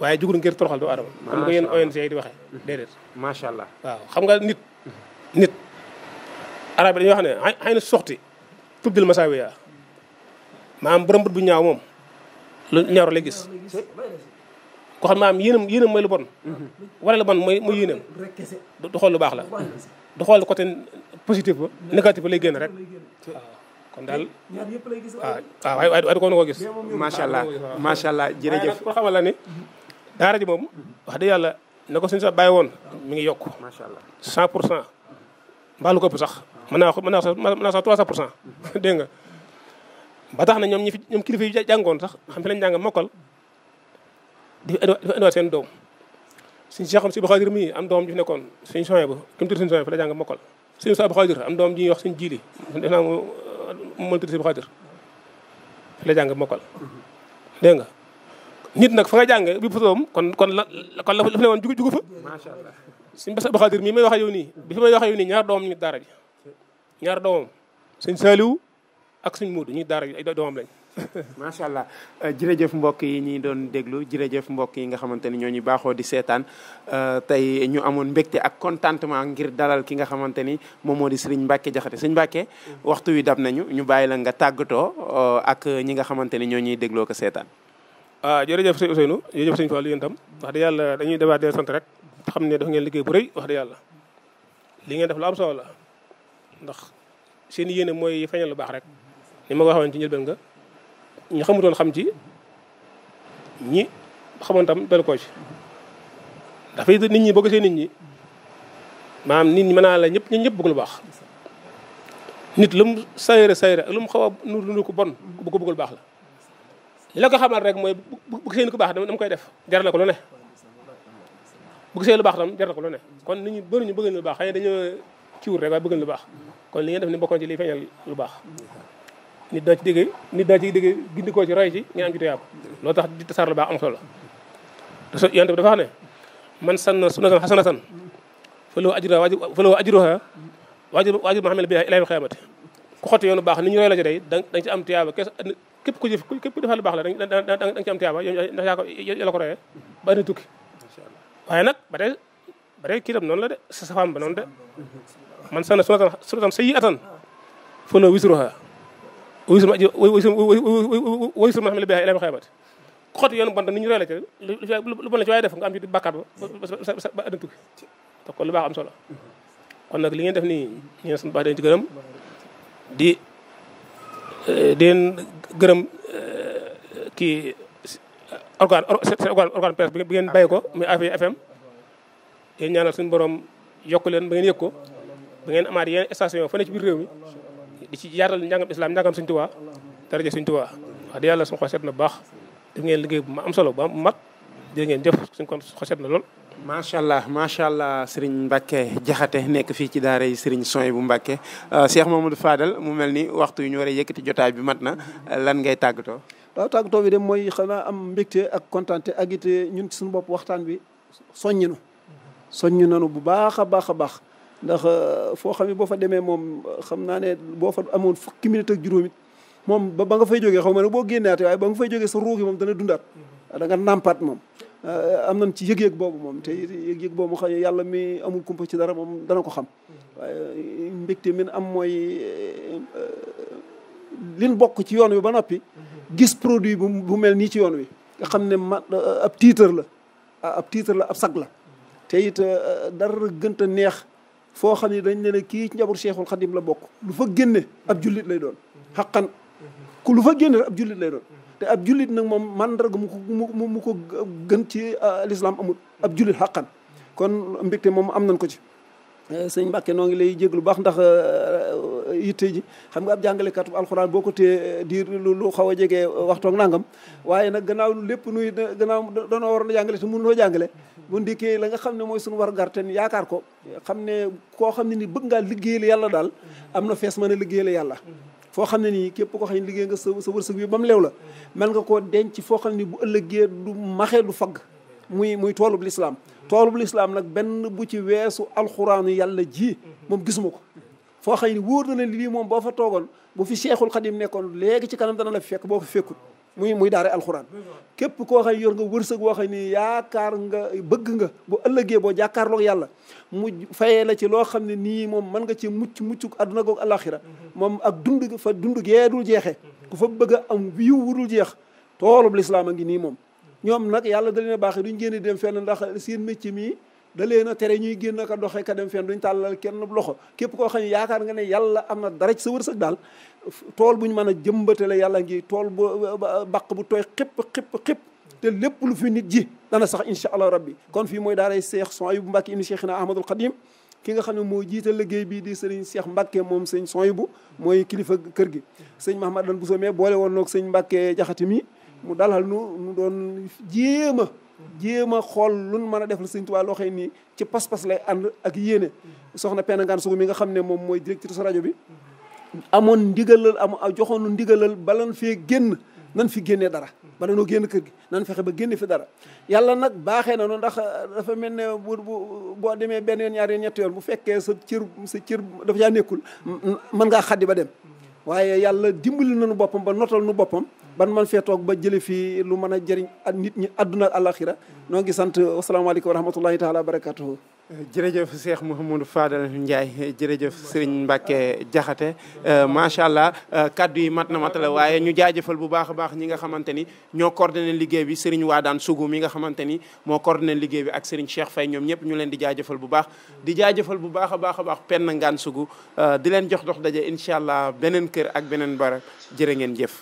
A: waaye jugul ngir toroxal doo adama comme ko yéen ONG yi di waxee déedéet macha allah waaw xam nga nit nit arab yi dañuy wax ne xëy na soxti tubdil masaawiya maam borom bët bu ñaaw moom lu ñaaw lay gis ko xam maam yéenam yéenam mooy lu bon wala lu bon mooy mooy yéenam du xool lu baax la du xool côté positif ba négatif ba lay génn rek kon daal waaw waaye waaye du ko ko gis macha allah macha allah jërëjëf ko xamal la ni daara ji moom wax dëgg yàlla na ko suñu sax bàyyi woon mi ngi yokk macha allah cent pour cent mbaa lu ko ëpp sax mën naa mën mën naa sax 300 pour cent *laughs* dégg nga ba tax na ñoom ñi fi ñoom kilifa sax xam fi lañ jàng mokkal di seen doom suñu Cheikh Abdou Khadir mii am doom ji fi nekkoon suñu soin bu ki mu tudd suñu soin doom ñuy wax suñu jiili def naa moom la jàng mokkal dégg nga nit nag fa nga jàngee bi fotoom kon kon la kon la fa ne woon jugu jugu fa macha allah suñu Abdou Khadir mii may wax yow nii bi fi may wax ñaar doom ñu daara ji ñaar doomam sëñ Saliou ak sëñ Moodu ñuy daara ay doomam lañ *laughs* macha allah euh, jërëjëf mbokk yi ñi doon déglu jërëjëf mbokk yi nga xamante ni ñoo ñu baaxoo di seetaan euh, tey ñu amoon mbégte ak contentement ngir dalal ki nga xamante ni moom moo di sëriñ Mbacke Jaxate sëñ Mbacke waxtu wi dab nañu ñu bàyyi la nga tàggatoo euh, ak ñi nga xamante ni ñoo ñuy dégloo ko seetaan. ah jërëjëf sëñ Ousseynou jërëjëf sëñ Fall yéen itam wax dëgg yàlla dañuy defaat di sant rek xam ne daf ngeen liggéey bu rëy wax yàlla li ngeen def lu ndax seen yéene mooy feeñal lu baax rek ni ma ko waxoon ci njëlbeen ñu xamutoon xam ci ñi xamoon tam nit ñi boo nit ñi maanaam nit ñi naa la ñëpp ñëpp bëgg lu baax nit mu sayre sayre lu mu xaw a nu ko bon ku bëggul baax la li xamal rek mooy bu gisee lu ko baax dama koy def jar na ko lu ne bu gisee lu baax tam jar na ko lu ne kon nit ñi bëri ñu bëgg lu baax xëy na dañoo rek waaye bëgg lu baax kon li ngeen def ni bokkoon ci liy feeñal lu baax nit daa ci déggee nit daa ci déggee gindikoo ci roy ci ngeen am ci tuyaab loolu tax di tasaar lu baax am solo la yonte bi dafa ne man sanna sunnatan hasanatan falahu ajruha falahu ajruha waajur ma xamel biha ilaa ma ku xotti yoonu baax ni ñu roy la ci day da nga ci am tuyaaba kees képp ku jëf képp ku defal lu baax la da nga ci am tuyaaba ndax yaa ko yàlla ba andi tukki waaye nag ba tey ba tey noonu la de sa ba noonu de man sanna sunatan sunatan sayyi'atan falahu wisruha wisru wisru man amila biha ila yawmil qiyamati xot yoon bon ni ñu royle ci lu bon la ci waaye def nga am ci bàkkaat ba ba adduna te kon lu baax am solo kon nag li ngeen def nii ñeen suñu baax dañ ci gërëm di deen gërëm kii organe organe organe presse bi ko muy AFP FM yéen ñaanal suñu borom yokk leen ba ngeen yëg ko ba ngeen amaat yeneen station fa ne ci biir réew mi di ci yaatal njàngam islam njàngam Sëñ Tuubaa daraja Sëñ Tuubaa wax yàlla suñu xoset na baax def ngeen liggéey bu ma am solo ba mu ngeen jëf suñu kon xoset na lool allah macha allah Serigne Mbacke jaxate nekk fii ci daara yi Serigne Soy bu Mbacke euh, Cheikh Mamadou Fadal mu mel ni waxtu yu ñu war jotaay bi mat na lan ngay tàggatoo.
B: waaw tàggatoo de mooy xanaa am mbégte a kontaante ak ñun suñ bopp waxtaan wi soññu nu soññu nanu bu baax a baax a baax ndax euh, foo xam ne boo fa demee moom xam naa ne boo fa amoon fukki minute ak juróomit moom ba ba nga fay jógee xam ma ne boo génnaatee waaye ba nga fay jógee sa ruugi moom dana dundaat mm-hmm. da nga nàmpaat moom euh, am nañ ci yëg-yëg boobu moom te yëg-yëg boobu yàlla mi amul kumpa ci dara moom dana ko xam mm-hmm. waaye euh, mbégte min am mooy lin bokk ci yoon wi ba noppi mm-hmm. gis produit bu bu mel nii ci yoon wi nga xam ne ma ab tiitar la ab tiitar la ab sag la te it dara gënta neex foo xam ne dañ ne ne kii ci njaboot Cheikhul Khadim la bokk lu fa génne ab jullit lay doon xaqan ku lu fa génne ab jullit lay doon te ab jullit nag moom mandarga mu ko mu ko gën ci ah, lislaam amul ab jullit xaqan kon mbégte moom am nañ ko ci Euh, sëñ Mbàkke noo ngi lay jéglu baax ndax euh, euh, yitte ji xam nga ab jàngalekat alxuraan boo ko téye diir lu xaw a jege waxtoog nangam waaye nag gannaaw lépp nuy gannaaw danoo waroon a jàngale te mënuloo jàngale bu ndikkee la nga xam ne mooy suñu war gar te yaakaar ko xam ne koo xam ne ni bëgg ngaa liggéeyal yàlla daal am na fees mën a liggéeyal yàlla foo xam ne nii képp ko xam ne liggéey nga sa sa wërsëg bi ba mu leew la mel nga koo denc foo xam ne bu ëllëgee du maxe du fagg muy muy toolub lislaam toolub lislaam nag benn bu ci weesu alxuraanu yàlla ji moom gisuma ko foo xëy ni wóor na ne lii moom boo fa toogoon bu fi seexul xadim nekkoon léegi ci kanam dana la fekk boo fi fekkul muy muy daare alxuraan képp koo xëy yor nga wërsëg woo xëy ni yaakaar nga bëgg nga bu ëllëgee boo jàkkaarloog yàlla mu fayee la ci loo xam ne nii moom mën nga ci mucc muccuk àdduna goog alaxira moom ak dund fa dund gee dul jeexee ku fa bëgg a am wiiw wudul jeex toolub lislaam a ngi nii moom ñoom nag yàlla da baax a baaxee duñ génn dem fen ndax seen métier mi da leen a tere ñuy génn ka doxee ka dem fenn duñ tàllal kenn loxo képp koo xam ne yaakaar nga ne yàlla am na dara sa war sag daal tool buñ mën a jëmbatale yàlla ngi tool bu baq bu tooy xëpp xëpp xëpp te lépp lu fi nit ji dana sax incha allah rabbi kon fii mooy daaray seex son ayibu mbàkke ibnu cheikhina ahmadul xadim ki nga xam ne moo jiital liggéey bii di sëriñ Cheikh Mbacke moom sëñ bu mooy kilifa kër gi sëñ Mahamadan Bousso mais boole woon noog sëñ Mbacke jaxati mi mu dalal nu nu doon jéem a jéem a xool luñ mën a defal sëñ Tuubaa loo xëy nii ci pas-pas lay ànd ak yéene soxna penangaan sugu mi nga xam ne moom mooy directrice rajo bi amoon ndigalal a joxoon ndigalal balan fee génn nan fi génne dara bala noo génn kër gi nan fexe ba génne fi dara yàlla nag baaxee na noonu ndax euh, dafa mel ne bu bu boo demee benn yoon ñaar yoon ñetti yoon bu fekkee sa cër sa cër dafa yaa nekkul mën ngaa xaddi ba dem waaye yàlla dimbali nañu boppam ba notal nu boppam ban man fee toog ba jële fii lu mën a jëriñ nit ñi àdduna ak àlaxira noo ngi sant wasalaamaaleykum wa rahmatullahi taala wa barakatuhu jërëjëf Cheikh
A: Mouhamadou Fadal Ndiaye jërëjëf Serigne Mbacke Diakhaté euh, macha allah euh, kaddu yi mat na matale waaye ñu jaajëfal bu baax a baax ñi nga xamante ni ñoo coordonné liggéey bi Serigne Wadane Sougou mi nga xamante ni moo coordonné liggéey bi ak Serigne Cheikh fay ñoom ñëpp ñu leen di jaajëfal bu baax. di jaajëfal bu baax a baax a baax Penda Ngane Sougou euh, di leen jox dox daje incha allah beneen kër ak beneen bara jërë ngeen jëf.